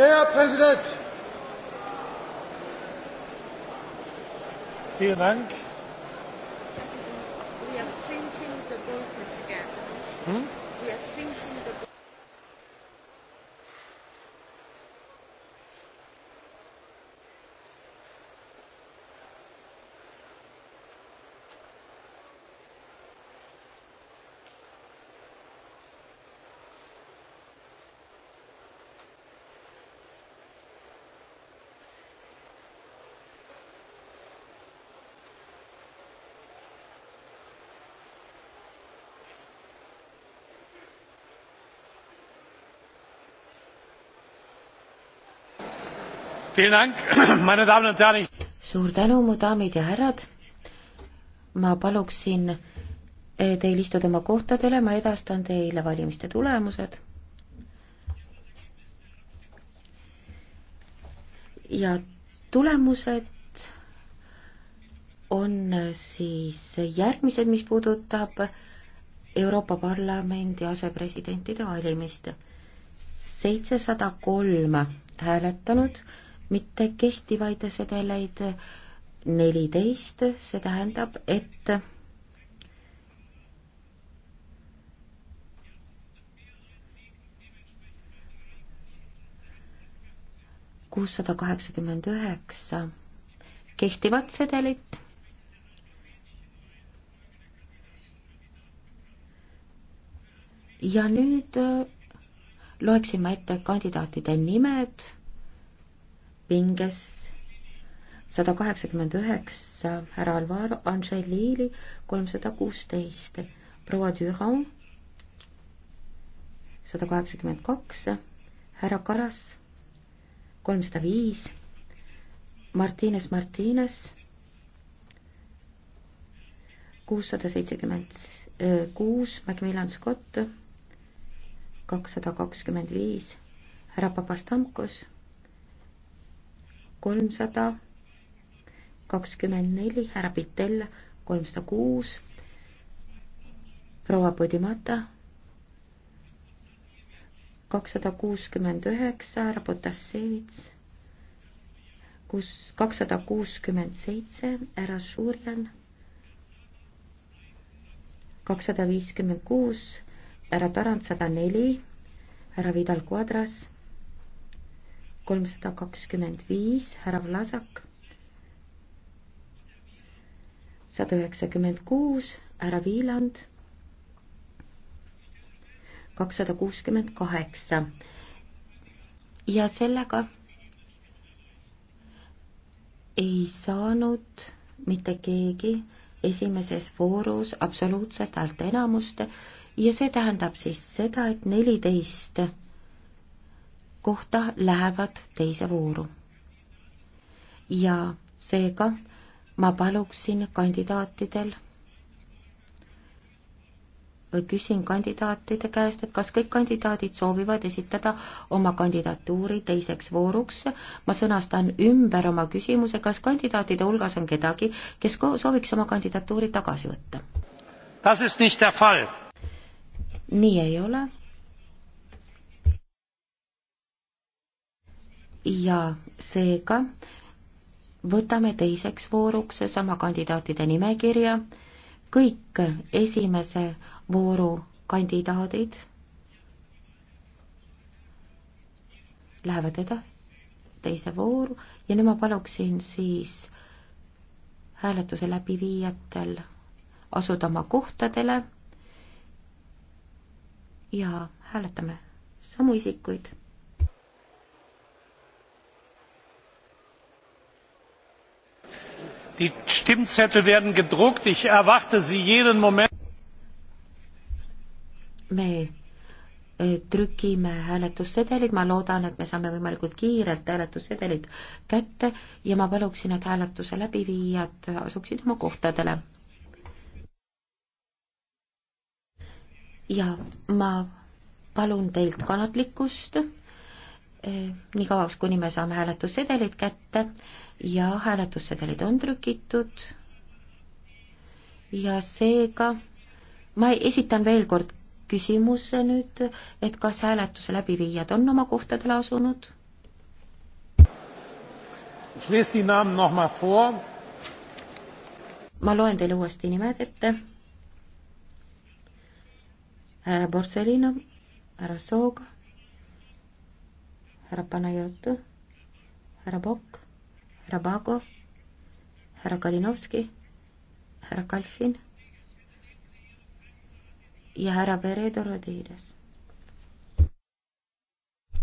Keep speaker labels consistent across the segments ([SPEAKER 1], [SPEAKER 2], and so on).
[SPEAKER 1] Ja, Herr Präsident! Vielen Dank.
[SPEAKER 2] President, we are
[SPEAKER 3] printing the bulletin again. Hmm? We are printing the
[SPEAKER 2] suur tänu, mu daamid ja härrad. ma paluksin eh, teil istuda oma kohtadele, ma edastan teile valimiste tulemused. ja tulemused on eh, siis järgmised, mis puudutab Euroopa Parlamendi asepresidentide valimist. seitsesada kolm hääletanud mitte kehtivaid sedeleid neliteist, see tähendab, et kuussada kaheksakümmend üheksa kehtivat sedelit ja nüüd loeksin ma ette kandidaatide nimed pinges sada kaheksakümmend üheksa, härra Alvaro Angelili kolmsada kuusteist, proua Düran sada kaheksakümmend kaks, härra Karas kolmsada viis, Martines Martines kuussada seitsekümmend kuus, Macmillan Scott kakssada kakskümmend viis, härra Papastamkos kolmsada kakskümmend neli, härra Pitella kolmsada kuus, proua Podimata kakssada kuuskümmend üheksa, härra Potassevits kus kakssada kuuskümmend seitse, härra Šurjan kakssada viiskümmend kuus, härra Tarand sada neli, härra Vidal Quadras kolmsada kakskümmend viis, härra Vlasak, sada üheksakümmend kuus, härra Viiland, kakssada kuuskümmend kaheksa. ja sellega ei saanud mitte keegi esimeses voorus absoluutset häälteenamust ja see tähendab siis seda, et neliteist kohta lähevad teise vooru. ja seega ma paluksin kandidaatidel või küsin kandidaatide käest, et kas kõik kandidaadid soovivad esitada oma kandidatuuri teiseks vooruks. ma sõnastan ümber oma küsimuse, kas kandidaatide hulgas on kedagi, kes sooviks oma kandidatuuri tagasi võtta? nii ei ole ja seega võtame teiseks vooruks sama kandidaatide nimekirja, kõik esimese vooru kandidaadid lähevad edasi teise vooru ja nüüd ma paluksin siis hääletuse läbiviijatel asuda oma kohtadele ja hääletame samu isikuid
[SPEAKER 1] die stimmzettel werden gedruckt ich erwarte sie jeden moment
[SPEAKER 2] me äh, trükime hääletussedelid, ma loodan, et me saame võimalikult kiirelt hääletussedelid kätte ja ma paluksin, et hääletuse läbiviijad asuksid oma kohtadele. ja ma palun teilt kannatlikkust Eh, nii kauaks, kuni me saame hääletussedelid kätte ja hääletussedelid on trükitud. ja seega ma esitan veel kord küsimuse nüüd, et kas hääletuse läbiviijad on oma kohtadele asunud? Noh ma loen teile uuesti nimed ette. härra Borsellino, härra Sooga härra Panajotu, härra Bokk, härra Bago, härra Kalinovski, härra Kalfin ja härra Veredo Rodeides.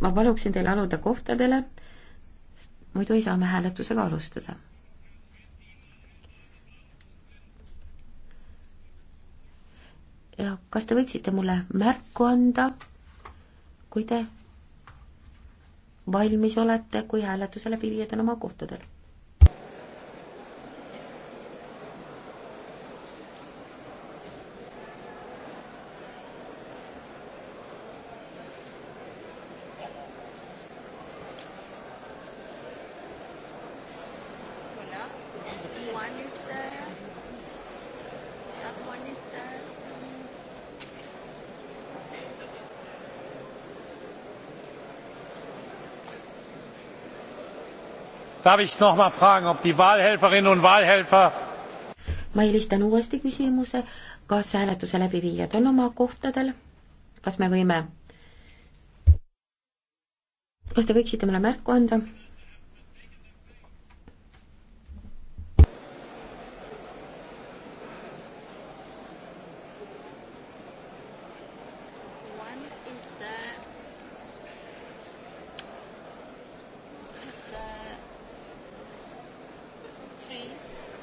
[SPEAKER 2] ma paluksin teil aluda kohtadele, muidu ei saa me hääletusega alustada. ja kas te võiksite mulle märku anda, kui te valmis olete, kui hääletuse läbiviijad on oma kohtadel
[SPEAKER 1] Darf ich noch mal fragen, ob die Wahlhelferinnen und Wahlhelfer
[SPEAKER 2] ma helistan uuesti küsimuse, kas hääletuse läbiviijad on oma kohtadel, kas me võime, kas te võiksite mulle märku anda?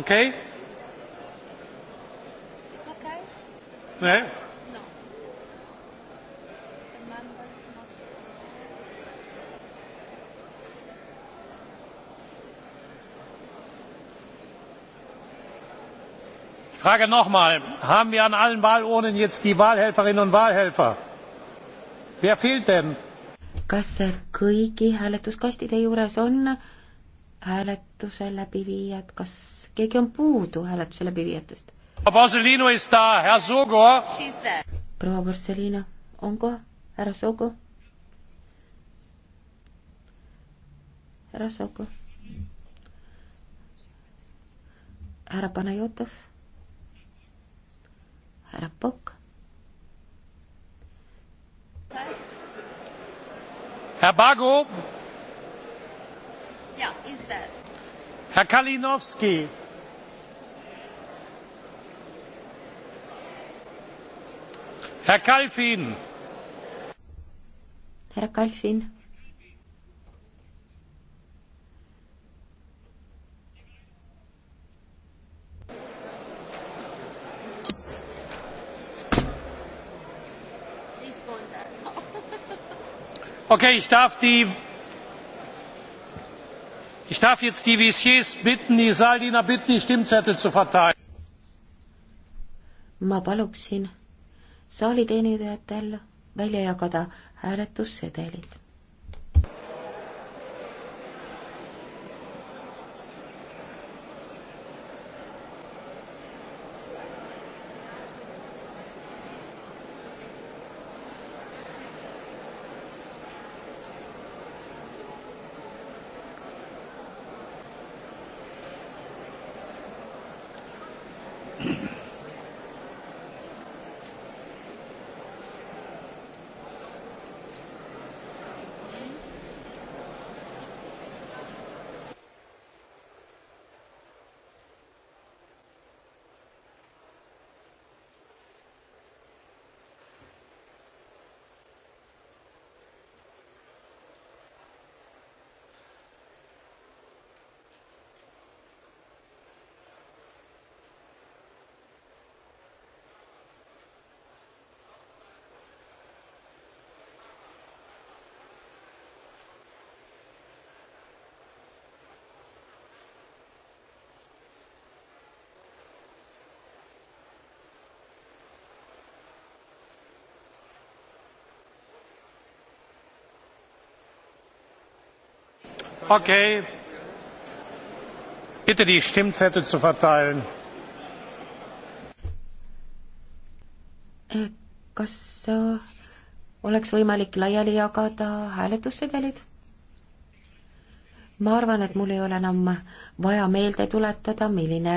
[SPEAKER 1] Okay? It's okay? Yeah? No. The member is not Ich frage nochmal, haben wir an allen Wahlurnen jetzt die Wahlhelferinnen und Wahlhelfer? Wer fehlt denn?
[SPEAKER 2] Kas kõigi hääletuskastide juures on hääletuse läbiviijad, kas keegi on puudu hääletuse läbiviijatest? proua Borsellino on kohal, härra Sogo? härra Sogo? härra Panajotov? härra Pokk?
[SPEAKER 1] härra Pagu?
[SPEAKER 2] Yeah, he's there.
[SPEAKER 1] Herr Kalinowski. Herr Kalfin.
[SPEAKER 2] Herr Kalfin.
[SPEAKER 1] okay ich darf die ich darf jetzt die vcs bitten die saaldiener bitten die stimmzettel zu verteilen.
[SPEAKER 2] ma paluksin saali teenijatel välja jagada hääletussedelid.
[SPEAKER 1] Okay. Bitte die Stimmzettel zu verteilen.
[SPEAKER 2] Äh, kas äh, oleks võimalik laiali jagada hääletussedelid? ma arvan, et mul ei ole enam vaja meelde tuletada, milline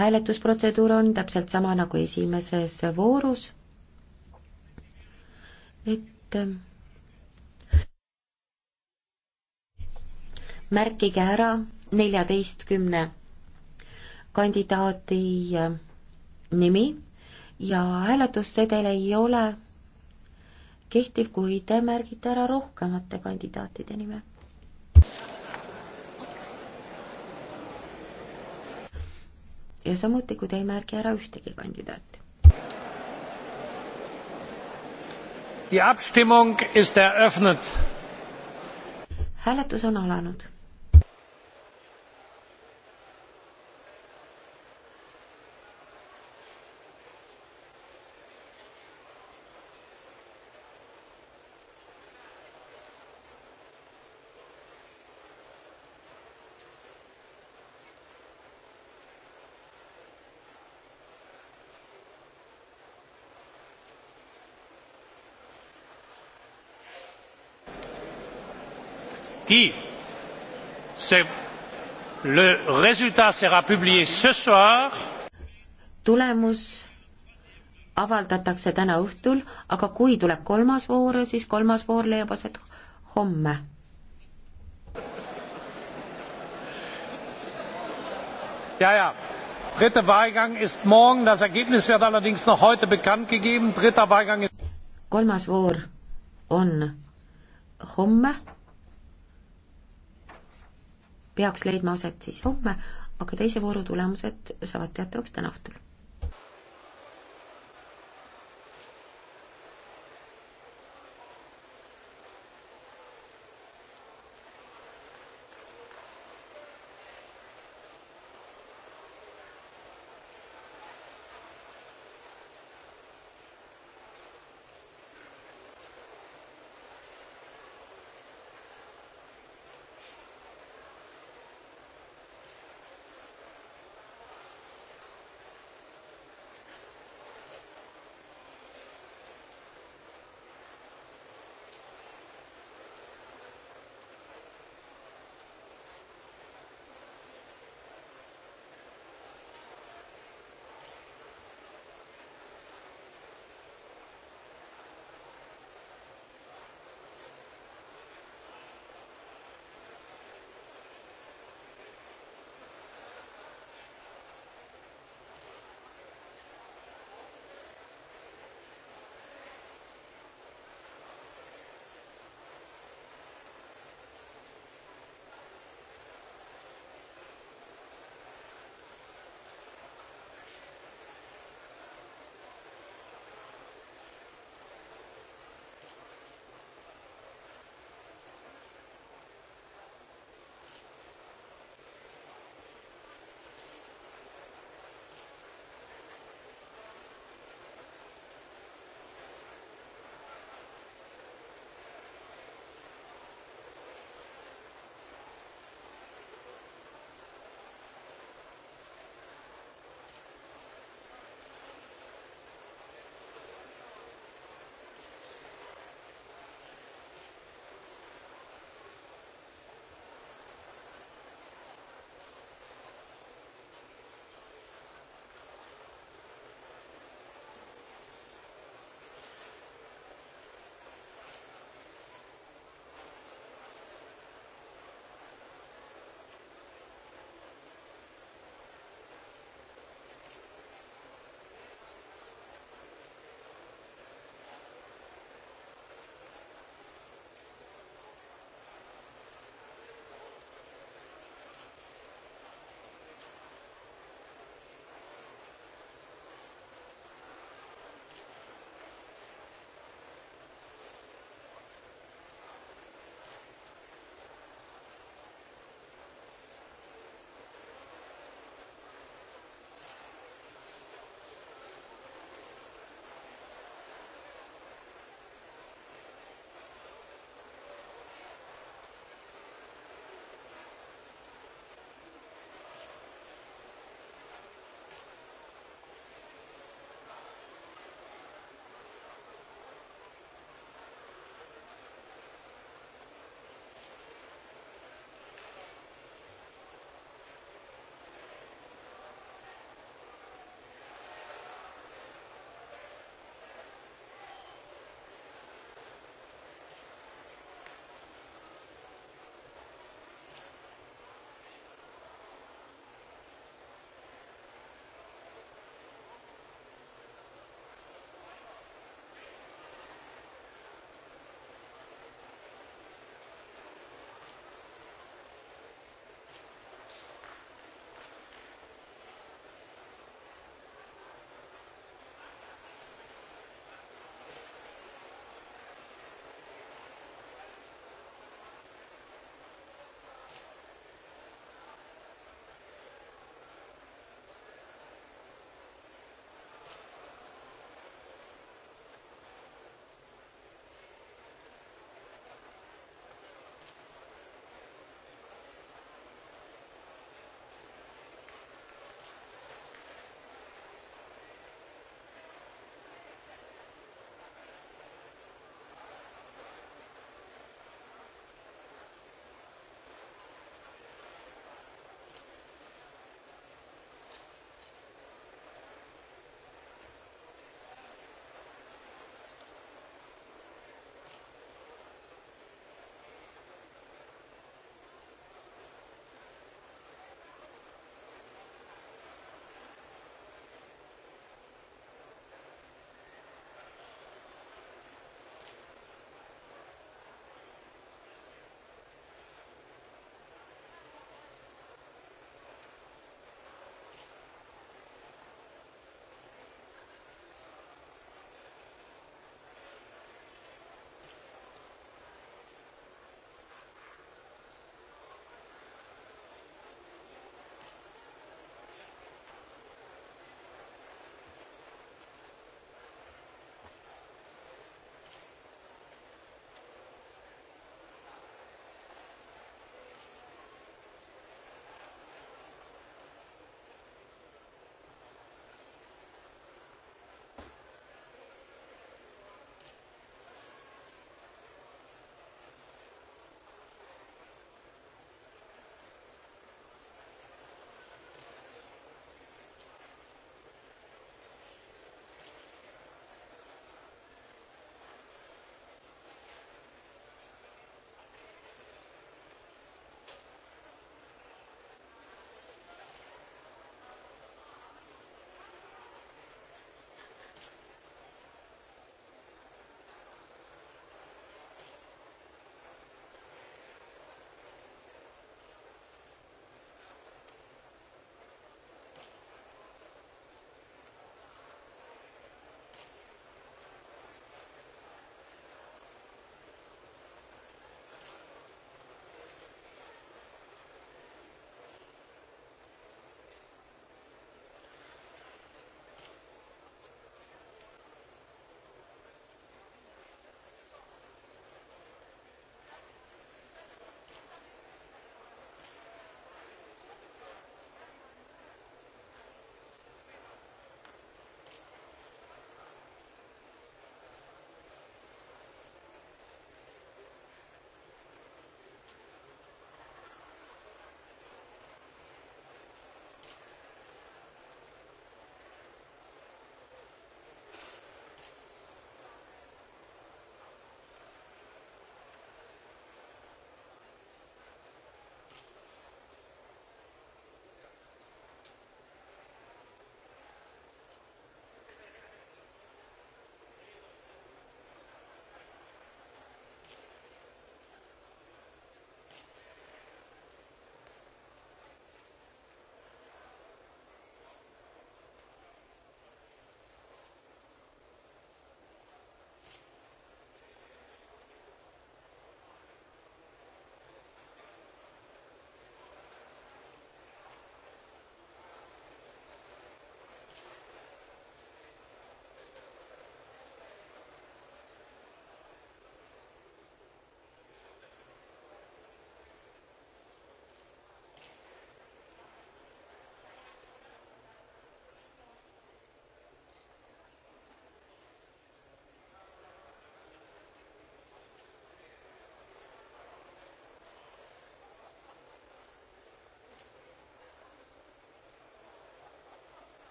[SPEAKER 2] hääletusprotseduur on täpselt sama nagu esimeses voorus. et äh, märkige ära neljateistkümne kandidaadi äh, nimi ja hääletussedel ei ole kehtiv, kui te märgite ära rohkemate kandidaatide nime. ja samuti, kui te ei märgi ära ühtegi kandidaati.
[SPEAKER 1] Die Abstimmung ist eröffnet.
[SPEAKER 2] hääletus on alanud
[SPEAKER 1] qui le résultat sera publié ce soir.
[SPEAKER 2] tulemus avaldatakse täna õhtul, aga kui tuleb kolmas voor, siis kolmas voor leiab aset homme. ja,
[SPEAKER 1] ja dritter wahlgang ist morgen das ergebnis wird allerdings noch heute bekannt gegeben dritter wahlgang ist
[SPEAKER 2] kolmas voor on homme peaks leidma aset siis homme, aga teise vooru tulemused saavad teatavaks täna õhtul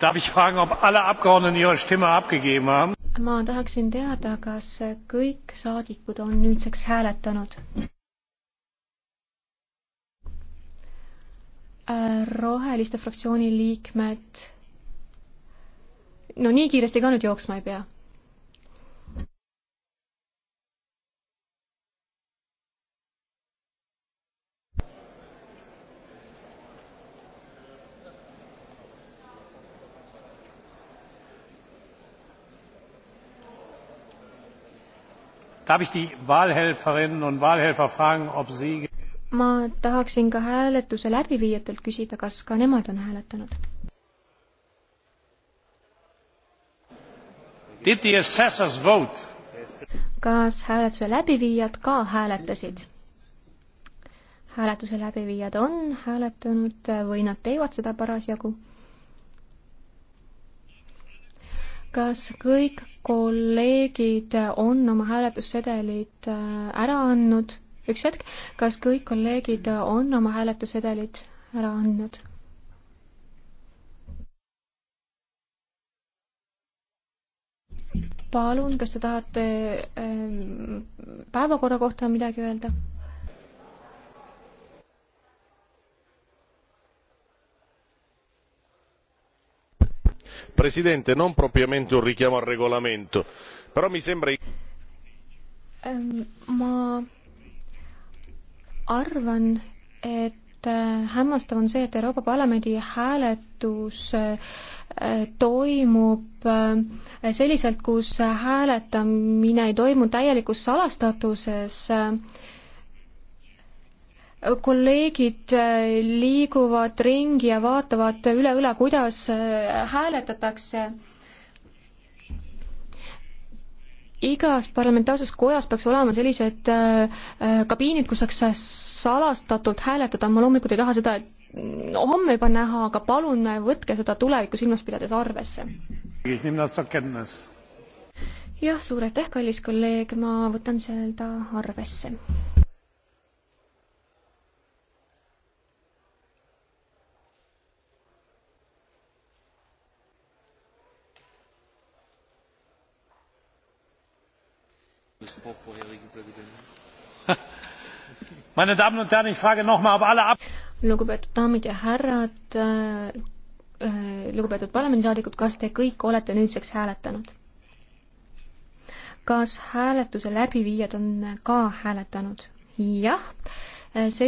[SPEAKER 1] Darf ich fragen, ob alle Abgeordneten ihre Stimme abgegeben haben?
[SPEAKER 3] ma tahaksin teada, kas kõik saadikud on nüüdseks hääletanud? roheliste fraktsiooni liikmed no nii kiiresti ka nüüd jooksma ei pea ma tahaksin ka hääletuse läbiviijatelt küsida, kas ka nemad on hääletanud. kas hääletuse läbiviijad ka hääletasid? hääletuse läbiviijad on hääletanud või nad teevad seda parasjagu kas kõik kolleegid on oma hääletussedelid äh, ära andnud? üks hetk, kas kõik kolleegid on oma hääletussedelid ära andnud? palun, kas te tahate ähm, päevakorra kohta midagi öelda?
[SPEAKER 1] presidente non propriamente un richiamo al regolamento però mi sembra.
[SPEAKER 3] Ehm, ma arvan et äh, hämmastav on see et euroopa parlamendi hääletus äh, toimub äh, selliselt kus hääletamine ei toimu täielikus salastatuses kolleegid äh, liiguvad ringi ja vaatavad üle õla, kuidas äh, hääletatakse. igas parlamentaarses kojas peaks olema sellised äh, kabiinid, kus saaks salastatult hääletada, ma loomulikult ei taha seda mm, homme juba näha, aga palun võtke seda tulevikku silmas pidades arvesse. jah, suur aitäh, kallis kolleeg, ma võtan seda arvesse lugupeetud daamid ja härrad, äh, äh, lugupeetud parlamendisaadikud, kas te kõik olete nüüdseks hääletanud? kas hääletuse läbiviijad on ka hääletanud? jah, äh, selline